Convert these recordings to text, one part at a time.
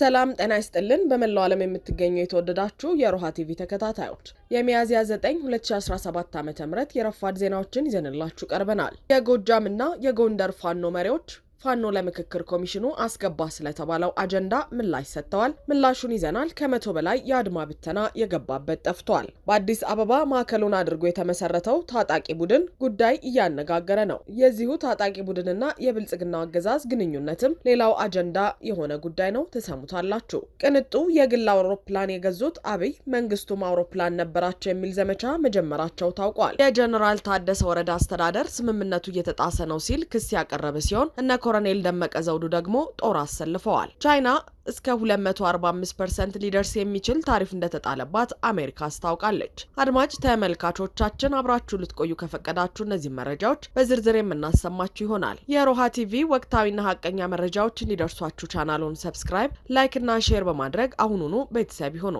ሰላም ጤና ይስጥልን። በመላው ዓለም የምትገኙ የተወደዳችሁ የሮሃ ቲቪ ተከታታዮች የሚያዝያ 9 2017 ዓ ም የረፋድ ዜናዎችን ይዘንላችሁ ቀርበናል። የጎጃምና የጎንደር ፋኖ መሪዎች ፋኖ ለምክክር ኮሚሽኑ አስገባ ስለተባለው አጀንዳ ምላሽ ሰጥተዋል። ምላሹን ይዘናል። ከመቶ በላይ የአድማ ብተና የገባበት ጠፍቷል። በአዲስ አበባ ማዕከሉን አድርጎ የተመሰረተው ታጣቂ ቡድን ጉዳይ እያነጋገረ ነው። የዚሁ ታጣቂ ቡድንና የብልጽግናው አገዛዝ ግንኙነትም ሌላው አጀንዳ የሆነ ጉዳይ ነው። ትሰሙታላችሁ። ቅንጡ የግል አውሮፕላን የገዙት አብይ መንግስቱም አውሮፕላን ነበራቸው የሚል ዘመቻ መጀመራቸው ታውቋል። የጀኔራል ታደሰ ወረዳ አስተዳደር ስምምነቱ እየተጣሰ ነው ሲል ክስ ያቀረበ ሲሆን እነ ኮሎኔል ደመቀ ዘውዱ ደግሞ ጦር አሰልፈዋል። ቻይና እስከ 245 ፐርሰንት ሊደርስ የሚችል ታሪፍ እንደተጣለባት አሜሪካ አስታውቃለች። አድማጭ ተመልካቾቻችን አብራችሁ ልትቆዩ ከፈቀዳችሁ እነዚህ መረጃዎች በዝርዝር የምናሰማችሁ ይሆናል። የሮሃ ቲቪ ወቅታዊና ሀቀኛ መረጃዎች እንዲደርሷችሁ ቻናሉን ሰብስክራይብ፣ ላይክ እና ሼር በማድረግ አሁኑኑ ቤተሰብ ይሁኑ።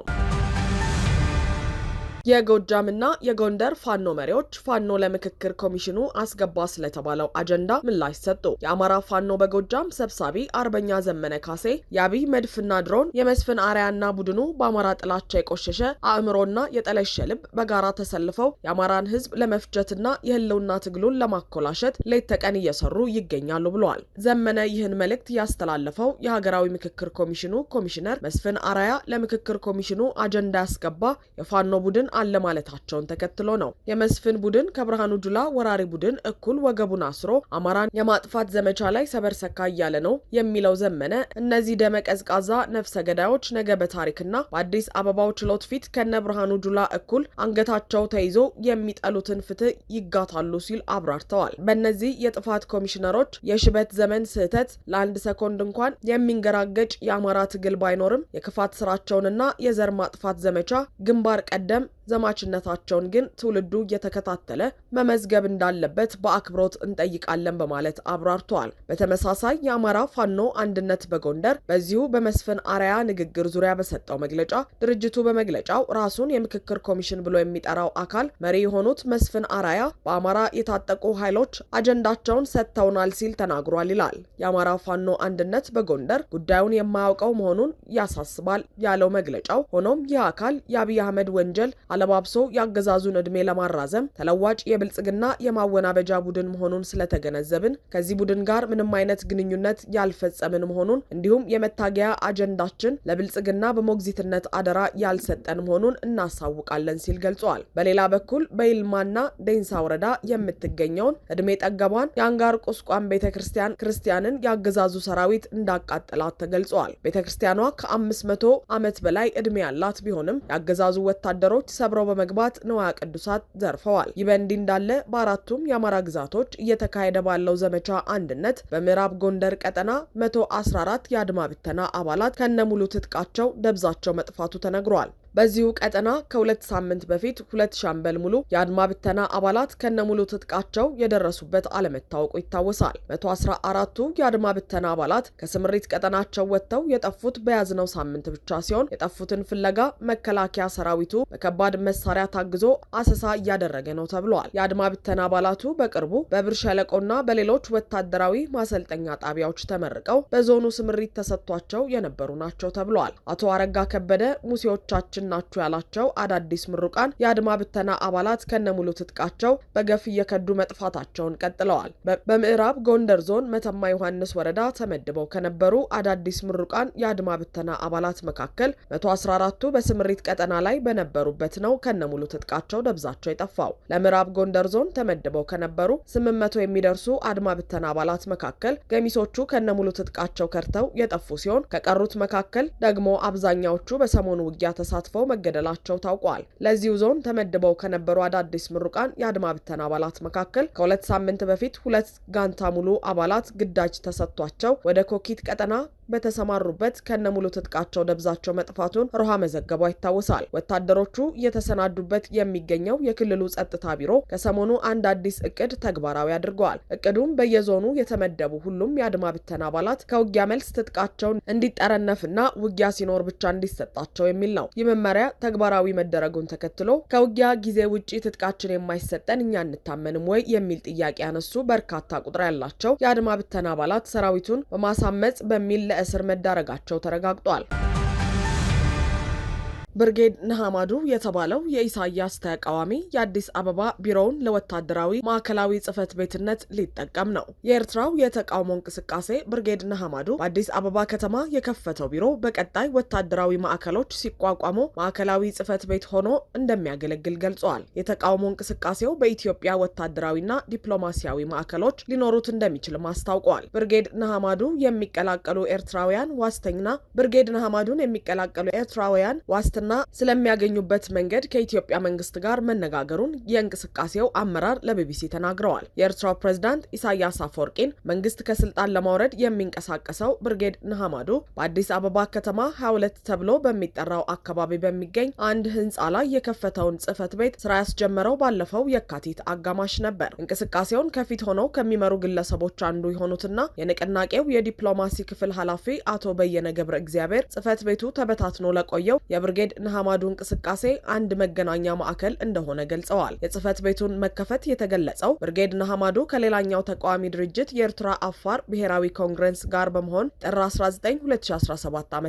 የጎጃም ና የጎንደር ፋኖ መሪዎች ፋኖ ለምክክር ኮሚሽኑ አስገባ ስለተባለው አጀንዳ ምላሽ ሰጡ። የአማራ ፋኖ በጎጃም ሰብሳቢ አርበኛ ዘመነ ካሴ የአብይ መድፍና ድሮን የመስፍን አርያና ቡድኑ በአማራ ጥላቻ የቆሸሸ አእምሮና የጠለሸ ልብ በጋራ ተሰልፈው የአማራን ሕዝብ ለመፍጀትና የህልውና ትግሉን ለማኮላሸት ሌት ተቀን እየሰሩ ይገኛሉ ብለዋል። ዘመነ ይህን መልእክት ያስተላለፈው የሀገራዊ ምክክር ኮሚሽኑ ኮሚሽነር መስፍን አርያ ለምክክር ኮሚሽኑ አጀንዳ ያስገባ የፋኖ ቡድን አለ ማለታቸውን ተከትሎ ነው። የመስፍን ቡድን ከብርሃኑ ጁላ ወራሪ ቡድን እኩል ወገቡን አስሮ አማራን የማጥፋት ዘመቻ ላይ ሰበር ሰካ እያለ ነው የሚለው ዘመነ እነዚህ ደመ ቀዝቃዛ ነፍሰ ገዳዮች ነገ በታሪክና በአዲስ አበባው ችሎት ፊት ከነ ብርሃኑ ጁላ እኩል አንገታቸው ተይዞ የሚጠሉትን ፍትህ ይጋታሉ ሲል አብራርተዋል። በእነዚህ የጥፋት ኮሚሽነሮች የሽበት ዘመን ስህተት ለአንድ ሰኮንድ እንኳን የሚንገራገጭ የአማራ ትግል ባይኖርም የክፋት ስራቸውንና የዘር ማጥፋት ዘመቻ ግንባር ቀደም ዘማችነታቸውን ግን ትውልዱ እየተከታተለ መመዝገብ እንዳለበት በአክብሮት እንጠይቃለን በማለት አብራርተዋል። በተመሳሳይ የአማራ ፋኖ አንድነት በጎንደር በዚሁ በመስፍን አርያ ንግግር ዙሪያ በሰጠው መግለጫ ድርጅቱ በመግለጫው ራሱን የምክክር ኮሚሽን ብሎ የሚጠራው አካል መሪ የሆኑት መስፍን አርያ በአማራ የታጠቁ ኃይሎች አጀንዳቸውን ሰጥተውናል ሲል ተናግሯል ይላል። የአማራ ፋኖ አንድነት በጎንደር ጉዳዩን የማያውቀው መሆኑን ያሳስባል ያለው መግለጫው ሆኖም ይህ አካል የአብይ አህመድ ወንጀል አለባብሶ የአገዛዙን ዕድሜ ለማራዘም ተለዋጭ የብልጽግና የማወናበጃ ቡድን መሆኑን ስለተገነዘብን ከዚህ ቡድን ጋር ምንም አይነት ግንኙነት ያልፈጸምን መሆኑን እንዲሁም የመታገያ አጀንዳችን ለብልጽግና በሞግዚትነት አደራ ያልሰጠን መሆኑን እናሳውቃለን ሲል ገልጿል። በሌላ በኩል በይልማና ደንሳ ወረዳ የምትገኘውን ዕድሜ ጠገቧን የአንጋር ቁስቋም ቤተ ክርስቲያን ክርስቲያንን የአገዛዙ ሰራዊት እንዳቃጠላት ተገልጿል። ቤተ ክርስቲያኗ ከአምስት መቶ ዓመት በላይ ዕድሜ ያላት ቢሆንም የአገዛዙ ወታደሮች ሰብረው በመግባት ንዋያ ቅዱሳት ዘርፈዋል። ይህ በእንዲህ እንዳለ በአራቱም የአማራ ግዛቶች እየተካሄደ ባለው ዘመቻ አንድነት በምዕራብ ጎንደር ቀጠና 114 የአድማ ብተና አባላት ከነሙሉ ትጥቃቸው ደብዛቸው መጥፋቱ ተነግሯል። በዚሁ ቀጠና ከሁለት ሳምንት በፊት ሁለት ሻምበል ሙሉ የአድማ ብተና አባላት ከነሙሉ ትጥቃቸው የደረሱበት አለመታወቁ ይታወሳል። መቶ አስራ አራቱ የአድማ ብተና አባላት ከስምሪት ቀጠናቸው ወጥተው የጠፉት በያዝነው ሳምንት ብቻ ሲሆን የጠፉትን ፍለጋ መከላከያ ሰራዊቱ በከባድ መሳሪያ ታግዞ አሰሳ እያደረገ ነው ተብሏል። የአድማ ብተና አባላቱ በቅርቡ በብር ሸለቆና በሌሎች ወታደራዊ ማሰልጠኛ ጣቢያዎች ተመርቀው በዞኑ ስምሪት ተሰጥቷቸው የነበሩ ናቸው ተብሏል። አቶ አረጋ ከበደ ሙሴዎቻችን ምንድን ናችሁ ያላቸው አዳዲስ ምሩቃን የአድማ ብተና አባላት ከነሙሉ ትጥቃቸው በገፍ እየከዱ መጥፋታቸውን ቀጥለዋል። በምዕራብ ጎንደር ዞን መተማ ዮሐንስ ወረዳ ተመድበው ከነበሩ አዳዲስ ምሩቃን የአድማ ብተና አባላት መካከል 114ቱ በስምሪት ቀጠና ላይ በነበሩበት ነው ከነሙሉ ትጥቃቸው ደብዛቸው የጠፋው። ለምዕራብ ጎንደር ዞን ተመድበው ከነበሩ 800 የሚደርሱ አድማ ብተና አባላት መካከል ገሚሶቹ ከነሙሉ ትጥቃቸው ከርተው የጠፉ ሲሆን ከቀሩት መካከል ደግሞ አብዛኛዎቹ በሰሞኑ ውጊያ ተሳትፈው ተሳትፈው መገደላቸው ታውቋል። ለዚሁ ዞን ተመድበው ከነበሩ አዳዲስ ምሩቃን የአድማ ብተን አባላት መካከል ከሁለት ሳምንት በፊት ሁለት ጋንታ ሙሉ አባላት ግዳጅ ተሰጥቷቸው ወደ ኮኪት ቀጠና በተሰማሩበት ከነሙሉ ትጥቃቸው ደብዛቸው መጥፋቱን ሮሃ መዘገቧ ይታወሳል። ወታደሮቹ እየተሰናዱበት የሚገኘው የክልሉ ጸጥታ ቢሮ ከሰሞኑ አንድ አዲስ እቅድ ተግባራዊ አድርገዋል። እቅዱም በየዞኑ የተመደቡ ሁሉም የአድማ ብተና አባላት ከውጊያ መልስ ትጥቃቸውን እንዲጠረነፍና ውጊያ ሲኖር ብቻ እንዲሰጣቸው የሚል ነው። ይህ መመሪያ ተግባራዊ መደረጉን ተከትሎ ከውጊያ ጊዜ ውጪ ትጥቃችን የማይሰጠን እኛ እንታመንም ወይ የሚል ጥያቄ ያነሱ በርካታ ቁጥር ያላቸው የአድማ ብተና አባላት ሰራዊቱን በማሳመጽ በሚል ለእስር መዳረጋቸው ተረጋግጧል። ብርጌድ ነሐማዱ የተባለው የኢሳያስ ተቃዋሚ የአዲስ አበባ ቢሮውን ለወታደራዊ ማዕከላዊ ጽህፈት ቤትነት ሊጠቀም ነው። የኤርትራው የተቃውሞ እንቅስቃሴ ብርጌድ ነሐማዱ በአዲስ አበባ ከተማ የከፈተው ቢሮ በቀጣይ ወታደራዊ ማዕከሎች ሲቋቋሙ ማዕከላዊ ጽህፈት ቤት ሆኖ እንደሚያገለግል ገልጿል። የተቃውሞ እንቅስቃሴው በኢትዮጵያ ወታደራዊና ዲፕሎማሲያዊ ማዕከሎች ሊኖሩት እንደሚችልም አስታውቋል። ብርጌድ ነሐማዱ የሚቀላቀሉ ኤርትራውያን ዋስተኛ ብርጌድ ነሐማዱን የሚቀላቀሉ ኤርትራውያን ዋስትና እና ስለሚያገኙበት መንገድ ከኢትዮጵያ መንግስት ጋር መነጋገሩን የእንቅስቃሴው አመራር ለቢቢሲ ተናግረዋል። የኤርትራው ፕሬዝዳንት ኢሳያስ አፈወርቂን መንግስት ከስልጣን ለማውረድ የሚንቀሳቀሰው ብርጌድ ንሓመዱ በአዲስ አበባ ከተማ 22 ተብሎ በሚጠራው አካባቢ በሚገኝ አንድ ህንፃ ላይ የከፈተውን ጽህፈት ቤት ስራ ያስጀመረው ባለፈው የካቲት አጋማሽ ነበር። እንቅስቃሴውን ከፊት ሆነው ከሚመሩ ግለሰቦች አንዱ የሆኑትና የንቅናቄው የዲፕሎማሲ ክፍል ኃላፊ አቶ በየነ ገብረ እግዚአብሔር ጽህፈት ቤቱ ተበታትኖ ለቆየው የብርጌድ ንሃማዱ እንቅስቃሴ አንድ መገናኛ ማዕከል እንደሆነ ገልጸዋል። የጽህፈት ቤቱን መከፈት የተገለጸው ብርጌድ ንሃማዱ ከሌላኛው ተቃዋሚ ድርጅት የኤርትራ አፋር ብሔራዊ ኮንግረስ ጋር በመሆን ጥር 19 2017 ዓ ም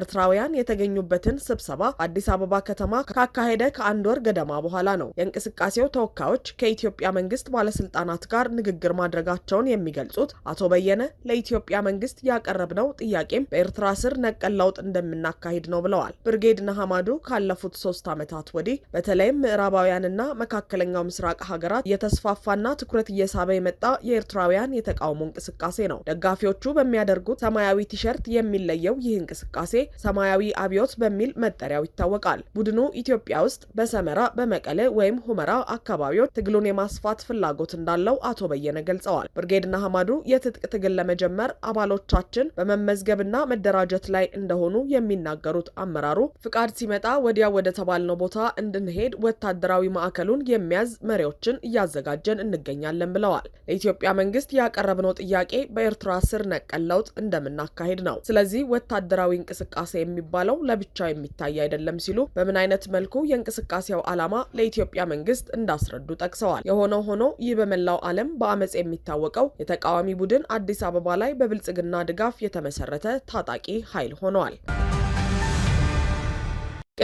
ኤርትራውያን የተገኙበትን ስብሰባ አዲስ አበባ ከተማ ካካሄደ ከአንድ ወር ገደማ በኋላ ነው። የእንቅስቃሴው ተወካዮች ከኢትዮጵያ መንግስት ባለስልጣናት ጋር ንግግር ማድረጋቸውን የሚገልጹት አቶ በየነ ለኢትዮጵያ መንግስት ያቀረብነው ጥያቄም በኤርትራ ስር ነቀል ለውጥ እንደምናካሂድ ነው ብለዋል። ብርጌድ ሐማዱ ካለፉት ሶስት ዓመታት ወዲህ በተለይም ምዕራባውያንና መካከለኛው ምስራቅ ሀገራት የተስፋፋና ትኩረት እየሳበ የመጣ የኤርትራውያን የተቃውሞ እንቅስቃሴ ነው። ደጋፊዎቹ በሚያደርጉት ሰማያዊ ቲሸርት የሚለየው ይህ እንቅስቃሴ ሰማያዊ አብዮት በሚል መጠሪያው ይታወቃል። ቡድኑ ኢትዮጵያ ውስጥ በሰመራ፣ በመቀሌ ወይም ሁመራ አካባቢዎች ትግሉን የማስፋት ፍላጎት እንዳለው አቶ በየነ ገልጸዋል። ብርጌድና ሐማዱ የትጥቅ ትግል ለመጀመር አባሎቻችን በመመዝገብና መደራጀት ላይ እንደሆኑ የሚናገሩት አመራሩ ፍቃድ ፍቃድ ሲመጣ ወዲያው ወደ ተባልነው ቦታ እንድንሄድ ወታደራዊ ማዕከሉን የሚያዝ መሪዎችን እያዘጋጀን እንገኛለን ብለዋል። ለኢትዮጵያ መንግስት ያቀረብነው ጥያቄ በኤርትራ ስር ነቀል ለውጥ እንደምናካሄድ ነው። ስለዚህ ወታደራዊ እንቅስቃሴ የሚባለው ለብቻው የሚታይ አይደለም ሲሉ በምን አይነት መልኩ የእንቅስቃሴው ዓላማ ለኢትዮጵያ መንግስት እንዳስረዱ ጠቅሰዋል። የሆነ ሆኖ ይህ በመላው ዓለም በአመፅ የሚታወቀው የተቃዋሚ ቡድን አዲስ አበባ ላይ በብልጽግና ድጋፍ የተመሰረተ ታጣቂ ኃይል ሆነዋል።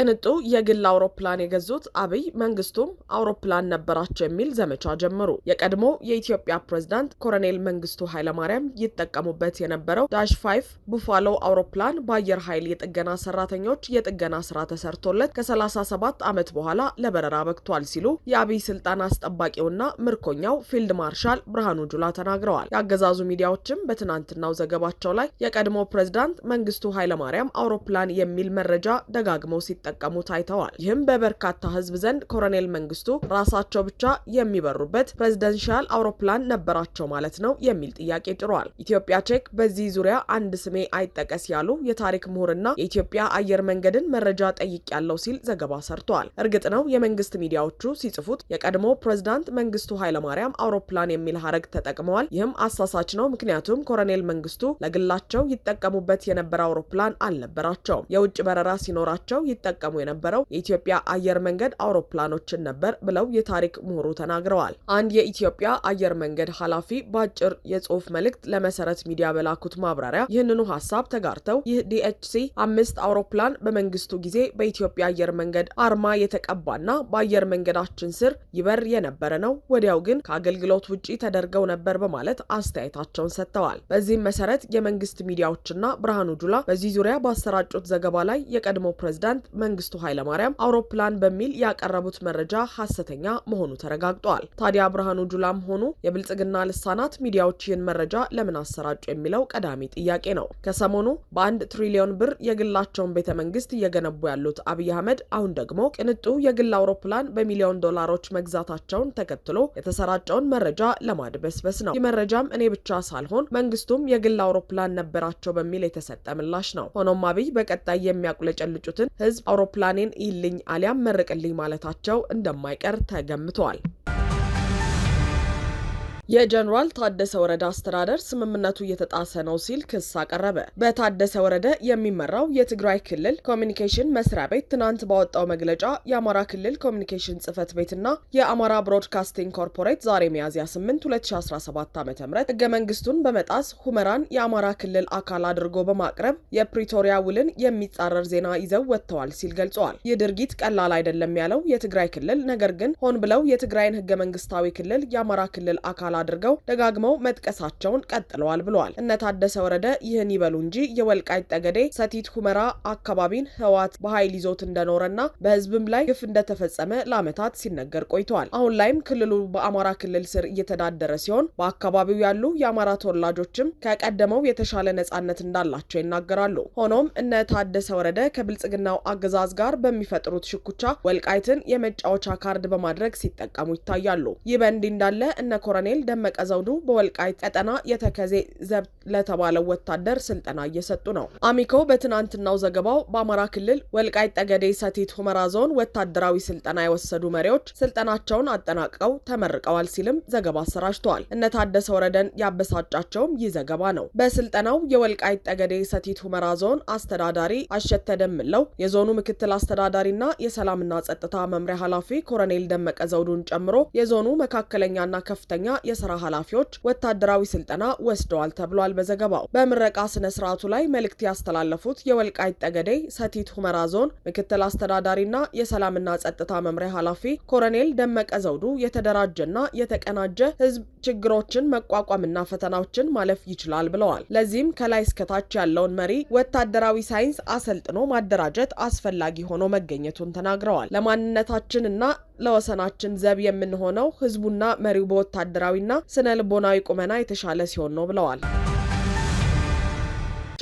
ቅንጡ የግል አውሮፕላን የገዙት አብይ መንግስቱም አውሮፕላን ነበራቸው የሚል ዘመቻ ጀመሩ። የቀድሞ የኢትዮጵያ ፕሬዝዳንት ኮሎኔል መንግስቱ ኃይለማርያም ይጠቀሙበት የነበረው ዳሽ ፋይፍ ቡፋሎ አውሮፕላን በአየር ኃይል የጥገና ሰራተኞች የጥገና ስራ ተሰርቶለት ከ37 ዓመት በኋላ ለበረራ በቅቷል ሲሉ የአብይ ስልጣን አስጠባቂውና ምርኮኛው ፊልድ ማርሻል ብርሃኑ ጁላ ተናግረዋል። የአገዛዙ ሚዲያዎችም በትናንትናው ዘገባቸው ላይ የቀድሞ ፕሬዝዳንት መንግስቱ ኃይለማርያም አውሮፕላን የሚል መረጃ ደጋግመው ሲ ሲጠቀሙ ታይተዋል። ይህም በበርካታ ህዝብ ዘንድ ኮሎኔል መንግስቱ ራሳቸው ብቻ የሚበሩበት ፕሬዚደንሻል አውሮፕላን ነበራቸው ማለት ነው የሚል ጥያቄ ጭሯል። ኢትዮጵያ ቼክ በዚህ ዙሪያ አንድ ስሜ አይጠቀስ ያሉ የታሪክ ምሁርና የኢትዮጵያ አየር መንገድን መረጃ ጠይቅ ያለው ሲል ዘገባ ሰርቷል። እርግጥ ነው የመንግስት ሚዲያዎቹ ሲጽፉት የቀድሞ ፕሬዝዳንት መንግስቱ ኃይለማርያም አውሮፕላን የሚል ሀረግ ተጠቅመዋል። ይህም አሳሳች ነው። ምክንያቱም ኮሎኔል መንግስቱ ለግላቸው ይጠቀሙበት የነበረ አውሮፕላን አልነበራቸውም። የውጭ በረራ ሲኖራቸው ይጠ ሲጠቀሙ የነበረው የኢትዮጵያ አየር መንገድ አውሮፕላኖችን ነበር ብለው የታሪክ ምሁሩ ተናግረዋል። አንድ የኢትዮጵያ አየር መንገድ ኃላፊ በአጭር የጽሁፍ መልእክት ለመሰረት ሚዲያ በላኩት ማብራሪያ ይህንኑ ሀሳብ ተጋርተው ይህ ዲኤችሲ አምስት አውሮፕላን በመንግስቱ ጊዜ በኢትዮጵያ አየር መንገድ አርማ የተቀባና በአየር መንገዳችን ስር ይበር የነበረ ነው። ወዲያው ግን ከአገልግሎት ውጪ ተደርገው ነበር በማለት አስተያየታቸውን ሰጥተዋል። በዚህም መሰረት የመንግስት ሚዲያዎችና ብርሃኑ ጁላ በዚህ ዙሪያ ባሰራጩት ዘገባ ላይ የቀድሞ ፕሬዝዳንት መንግስቱ ኃይለማርያም አውሮፕላን በሚል ያቀረቡት መረጃ ሀሰተኛ መሆኑ ተረጋግጧል። ታዲያ ብርሃኑ ጁላም ሆኑ የብልጽግና ልሳናት ሚዲያዎች ይህን መረጃ ለምን አሰራጩ የሚለው ቀዳሚ ጥያቄ ነው። ከሰሞኑ በአንድ ትሪሊዮን ብር የግላቸውን ቤተ መንግስት እየገነቡ ያሉት አብይ አህመድ አሁን ደግሞ ቅንጡ የግል አውሮፕላን በሚሊዮን ዶላሮች መግዛታቸውን ተከትሎ የተሰራጨውን መረጃ ለማድበስበስ ነው። ይህ መረጃም እኔ ብቻ ሳልሆን መንግስቱም የግል አውሮፕላን ነበራቸው በሚል የተሰጠ ምላሽ ነው። ሆኖም አብይ በቀጣይ የሚያቁለጨልጩትን ህዝብ አውሮፕላኔን ይልኝ አሊያም መርቅልኝ ማለታቸው እንደማይቀር ተገምቷል። የጀኔራል ታደሰ ወረደ አስተዳደር ስምምነቱ እየተጣሰ ነው ሲል ክስ አቀረበ። በታደሰ ወረደ የሚመራው የትግራይ ክልል ኮሚኒኬሽን መስሪያ ቤት ትናንት ባወጣው መግለጫ የአማራ ክልል ኮሚኒኬሽን ጽህፈት ቤትና የአማራ ብሮድካስቲንግ ኮርፖሬት ዛሬ ሚያዝያ 8 2017 ዓ ም ህገ መንግስቱን በመጣስ ሁመራን የአማራ ክልል አካል አድርጎ በማቅረብ የፕሪቶሪያ ውልን የሚጻረር ዜና ይዘው ወጥተዋል ሲል ገልጸዋል። ይህ ድርጊት ቀላል አይደለም ያለው የትግራይ ክልል ነገር ግን ሆን ብለው የትግራይን ህገ መንግስታዊ ክልል የአማራ ክልል አካል ማዕከል አድርገው ደጋግመው መጥቀሳቸውን ቀጥለዋል ብለዋል። እነ ታደሰ ወረደ ይህን ይበሉ እንጂ የወልቃይት ጠገዴ ሰቲት ሁመራ አካባቢን ህወሓት በኃይል ይዞት እንደኖረና በህዝብም ላይ ግፍ እንደተፈጸመ ለዓመታት ሲነገር ቆይተዋል። አሁን ላይም ክልሉ በአማራ ክልል ስር እየተዳደረ ሲሆን በአካባቢው ያሉ የአማራ ተወላጆችም ከቀደመው የተሻለ ነጻነት እንዳላቸው ይናገራሉ። ሆኖም እነ ታደሰ ወረደ ከብልጽግናው አገዛዝ ጋር በሚፈጥሩት ሽኩቻ ወልቃይትን የመጫወቻ ካርድ በማድረግ ሲጠቀሙ ይታያሉ። ይህ በእንዲህ እንዳለ እነ ኮሎኔል ደመቀ ዘውዱ በወልቃይት ቀጠና የተከዜ ዘብ ለተባለው ወታደር ስልጠና እየሰጡ ነው። አሚኮ በትናንትናው ዘገባው በአማራ ክልል ወልቃይት ጠገዴ ሰቲት ሁመራ ዞን ወታደራዊ ስልጠና የወሰዱ መሪዎች ስልጠናቸውን አጠናቅቀው ተመርቀዋል ሲልም ዘገባ አሰራጅተዋል። እነ ታደሰ ወረደን ያበሳጫቸውም ይህ ዘገባ ነው። በስልጠናው የወልቃይት ጠገዴ ሰቲት ሁመራ ዞን አስተዳዳሪ አሸተ ደምለው፣ የዞኑ ምክትል አስተዳዳሪና የሰላምና ጸጥታ መምሪያ ኃላፊ ኮሎኔል ደመቀ ዘውዱን ጨምሮ የዞኑ መካከለኛና ከፍተኛ የስራ ኃላፊዎች ወታደራዊ ስልጠና ወስደዋል ተብሏል። በዘገባው በምረቃ ስነ ስርዓቱ ላይ መልእክት ያስተላለፉት የወልቃይት ጠገዴ ሰቲት ሁመራ ዞን ምክትል አስተዳዳሪና የሰላምና ጸጥታ መምሪያ ኃላፊ ኮሎኔል ደመቀ ዘውዱ የተደራጀና የተቀናጀ ህዝብ ችግሮችን መቋቋምና ፈተናዎችን ማለፍ ይችላል ብለዋል። ለዚህም ከላይ እስከታች ያለውን መሪ ወታደራዊ ሳይንስ አሰልጥኖ ማደራጀት አስፈላጊ ሆኖ መገኘቱን ተናግረዋል። ለማንነታችንና ለወሰናችን ዘብ የምንሆነው ህዝቡና መሪው በወታደራዊና ስነ ልቦናዊ ቁመና የተሻለ ሲሆን ነው ብለዋል።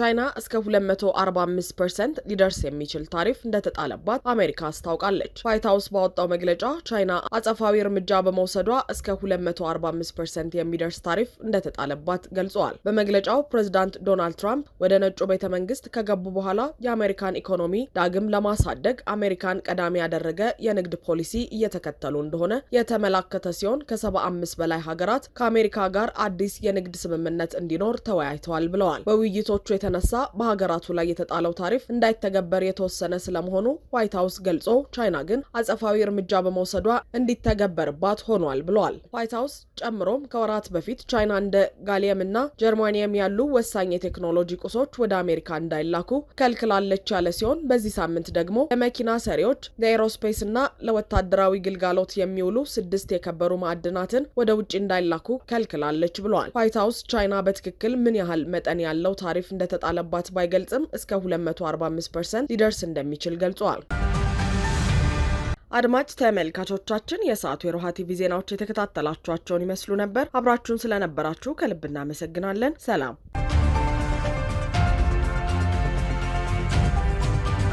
ቻይና እስከ 245 ፐርሰንት ሊደርስ የሚችል ታሪፍ እንደተጣለባት አሜሪካ አስታውቃለች። ዋይት ሀውስ ባወጣው መግለጫ ቻይና አጸፋዊ እርምጃ በመውሰዷ እስከ 245 ፐርሰንት የሚደርስ ታሪፍ እንደተጣለባት ገልጿል። በመግለጫው ፕሬዚዳንት ዶናልድ ትራምፕ ወደ ነጩ ቤተ መንግስት ከገቡ በኋላ የአሜሪካን ኢኮኖሚ ዳግም ለማሳደግ አሜሪካን ቀዳሚ ያደረገ የንግድ ፖሊሲ እየተከተሉ እንደሆነ የተመላከተ ሲሆን ከ75 በላይ ሀገራት ከአሜሪካ ጋር አዲስ የንግድ ስምምነት እንዲኖር ተወያይተዋል ብለዋል። በውይይቶቹ የተነሳ በሀገራቱ ላይ የተጣለው ታሪፍ እንዳይተገበር የተወሰነ ስለመሆኑ ዋይት ሀውስ ገልጾ ቻይና ግን አጸፋዊ እርምጃ በመውሰዷ እንዲተገበርባት ሆኗል ብለዋል። ዋይት ሀውስ ጨምሮም ከወራት በፊት ቻይና እንደ ጋሊየም እና ጀርማኒየም ያሉ ወሳኝ የቴክኖሎጂ ቁሶች ወደ አሜሪካ እንዳይላኩ ከልክላለች ያለ ሲሆን በዚህ ሳምንት ደግሞ ለመኪና ሰሪዎች፣ ለኤሮስፔስ እና ለወታደራዊ ግልጋሎት የሚውሉ ስድስት የከበሩ ማዕድናትን ወደ ውጭ እንዳይላኩ ከልክላለች ብለዋል። ዋይት ሀውስ ቻይና በትክክል ምን ያህል መጠን ያለው ታሪፍ እንደ እንደተጣለባት ባይገልጽም እስከ 245 ፐርሰንት ሊደርስ እንደሚችል ገልጿል። አድማጭ ተመልካቾቻችን የሰዓቱ የሮሃ ቲቪ ዜናዎች የተከታተላችኋቸውን ይመስሉ ነበር። አብራችሁን ስለነበራችሁ ከልብ እናመሰግናለን። ሰላም